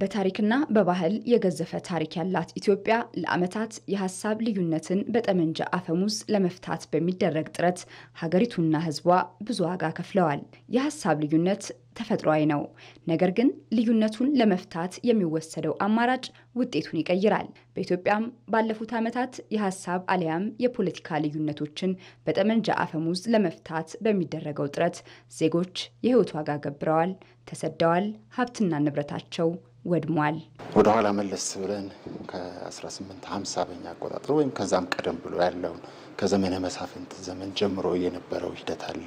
በታሪክና በባህል የገዘፈ ታሪክ ያላት ኢትዮጵያ ለዓመታት የሀሳብ ልዩነትን በጠመንጃ አፈሙዝ ለመፍታት በሚደረግ ጥረት ሀገሪቱና ሕዝቧ ብዙ ዋጋ ከፍለዋል። የሀሳብ ልዩነት ተፈጥሯዊ ነው። ነገር ግን ልዩነቱን ለመፍታት የሚወሰደው አማራጭ ውጤቱን ይቀይራል። በኢትዮጵያም ባለፉት ዓመታት የሀሳብ አሊያም የፖለቲካ ልዩነቶችን በጠመንጃ አፈሙዝ ለመፍታት በሚደረገው ጥረት ዜጎች የህይወት ዋጋ ገብረዋል፣ ተሰደዋል፣ ሀብትና ንብረታቸው ወድሟል። ወደኋላ መለስ ብለን ከ1850 በኛ አቆጣጠር ወይም ከዛም ቀደም ብሎ ያለውን ከዘመነ መሳፍንት ዘመን ጀምሮ የነበረው ሂደት አለ።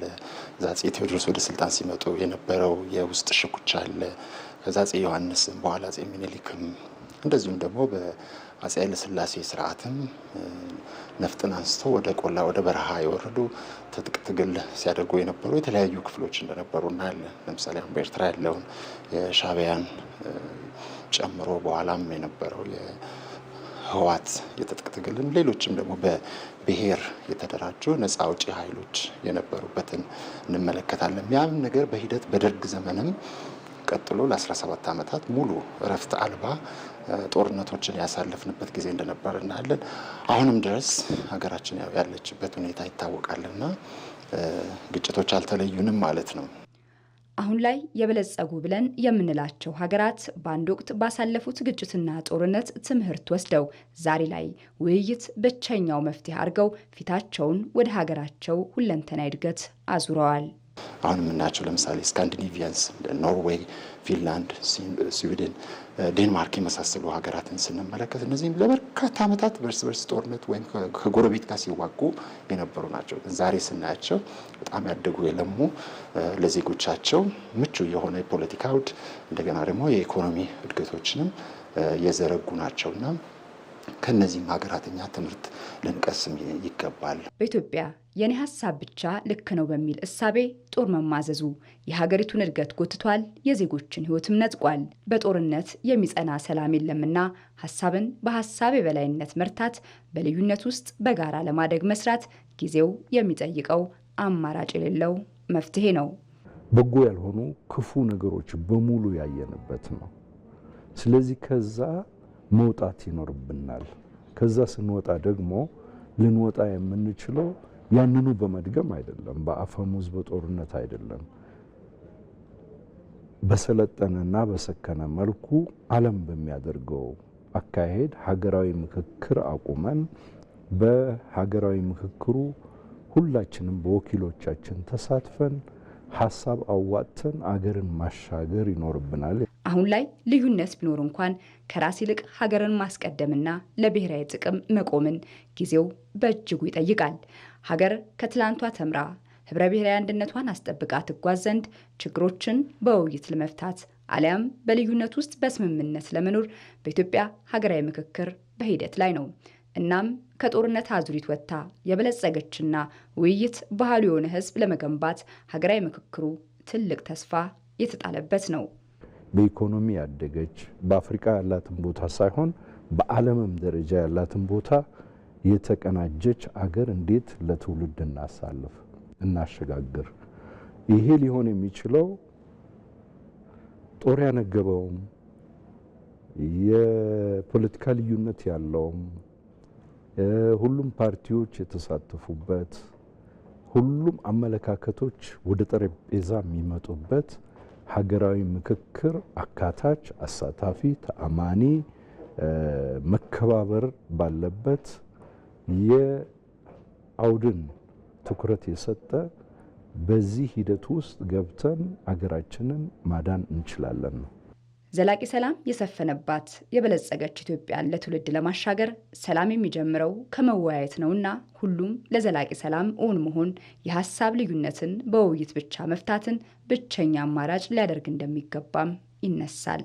እዛ አፄ ቴዎድሮስ ወደ ስልጣን ሲመጡ የነበረው የውስጥ ሽኩቻ አለ። ከዛ አፄ ዮሐንስም በኋላ አፄ ሚኒሊክም እንደዚሁም ደግሞ በአፄ ኃይለስላሴ ስርዓትም ነፍጥን አንስተው ወደ ቆላ ወደ በረሃ የወረዱ ትጥቅ ትግል ሲያደርጉ የነበሩ የተለያዩ ክፍሎች እንደነበሩ እናያለን። ለምሳሌ አሁን በኤርትራ ያለውን የሻቢያን ጨምሮ በኋላም የነበረው የህወሓት የትጥቅ ትግልን ሌሎችም ደግሞ በብሔር የተደራጁ ነፃ አውጪ ኃይሎች የነበሩበትን እንመለከታለን። ያም ነገር በሂደት በደርግ ዘመንም ቀጥሎ ለ17 ዓመታት ሙሉ እረፍት አልባ ጦርነቶችን ያሳለፍንበት ጊዜ እንደነበር እናያለን። አሁንም ድረስ ሀገራችን ያለችበት ሁኔታ ይታወቃልና ግጭቶች አልተለዩንም ማለት ነው። አሁን ላይ የበለጸጉ ብለን የምንላቸው ሀገራት በአንድ ወቅት ባሳለፉት ግጭትና ጦርነት ትምህርት ወስደው ዛሬ ላይ ውይይት ብቸኛው መፍትሄ አድርገው ፊታቸውን ወደ ሀገራቸው ሁለንተና እድገት አዙረዋል። አሁን የምናያቸው ለምሳሌ ስካንዲኔቪያንስ ኖርዌይ፣ ፊንላንድ፣ ስዊድን፣ ዴንማርክ የመሳሰሉ ሀገራትን ስንመለከት እነዚህም ለበርካታ ዓመታት በርስ በርስ ጦርነት ወይም ከጎረቤት ጋር ሲዋጉ የነበሩ ናቸው። ዛሬ ስናያቸው በጣም ያደጉ የለሙ ለዜጎቻቸው ምቹ የሆነ የፖለቲካ አውድ እንደገና ደግሞ የኢኮኖሚ እድገቶችንም የዘረጉ ናቸውና ከነዚህም ሀገራት እኛ ትምህርት ልንቀስም ይገባል። በኢትዮጵያ የኔ ሀሳብ ብቻ ልክ ነው በሚል እሳቤ ጦር መማዘዙ የሀገሪቱን እድገት ጎትቷል፣ የዜጎችን ህይወትም ነጥቋል። በጦርነት የሚጸና ሰላም የለምና ሀሳብን በሀሳብ የበላይነት መርታት፣ በልዩነት ውስጥ በጋራ ለማደግ መስራት ጊዜው የሚጠይቀው አማራጭ የሌለው መፍትሄ ነው። በጎ ያልሆኑ ክፉ ነገሮች በሙሉ ያየንበት ነው። ስለዚህ ከዛ መውጣት ይኖርብናል። ከዛ ስንወጣ ደግሞ ልንወጣ የምንችለው ያንኑ በመድገም አይደለም፣ በአፈሙዝ በጦርነት አይደለም። በሰለጠነና በሰከነ መልኩ ዓለም በሚያደርገው አካሄድ ሀገራዊ ምክክር አቁመን በሀገራዊ ምክክሩ ሁላችንም በወኪሎቻችን ተሳትፈን ሀሳብ አዋጥተን አገርን ማሻገር ይኖርብናል። አሁን ላይ ልዩነት ቢኖር እንኳን ከራስ ይልቅ ሀገርን ማስቀደምና ለብሔራዊ ጥቅም መቆምን ጊዜው በእጅጉ ይጠይቃል። ሀገር ከትላንቷ ተምራ ህብረ ብሔራዊ አንድነቷን አስጠብቃ ትጓዝ ዘንድ ችግሮችን በውይይት ለመፍታት አሊያም በልዩነት ውስጥ በስምምነት ለመኖር በኢትዮጵያ ሀገራዊ ምክክር በሂደት ላይ ነው። እናም ከጦርነት አዙሪት ወጥታ የበለጸገችና ውይይት ባህሉ የሆነ ህዝብ ለመገንባት ሀገራዊ ምክክሩ ትልቅ ተስፋ የተጣለበት ነው። በኢኮኖሚ ያደገች በአፍሪካ ያላትን ቦታ ሳይሆን በዓለምም ደረጃ ያላትን ቦታ የተቀናጀች አገር እንዴት ለትውልድ እናሳልፍ እናሸጋግር። ይሄ ሊሆን የሚችለው ጦር ያነገበውም የፖለቲካ ልዩነት ያለውም ሁሉም ፓርቲዎች የተሳተፉበት፣ ሁሉም አመለካከቶች ወደ ጠረጴዛ የሚመጡበት ሀገራዊ ምክክር አካታች፣ አሳታፊ፣ ተአማኒ፣ መከባበር ባለበት የአውድን ትኩረት የሰጠ በዚህ ሂደት ውስጥ ገብተን አገራችንን ማዳን እንችላለን ነው። ዘላቂ ሰላም የሰፈነባት የበለጸገች ኢትዮጵያን ለትውልድ ለማሻገር ሰላም የሚጀምረው ከመወያየት ነውና ሁሉም ለዘላቂ ሰላም እውን መሆን የሀሳብ ልዩነትን በውይይት ብቻ መፍታትን ብቸኛ አማራጭ ሊያደርግ እንደሚገባም ይነሳል።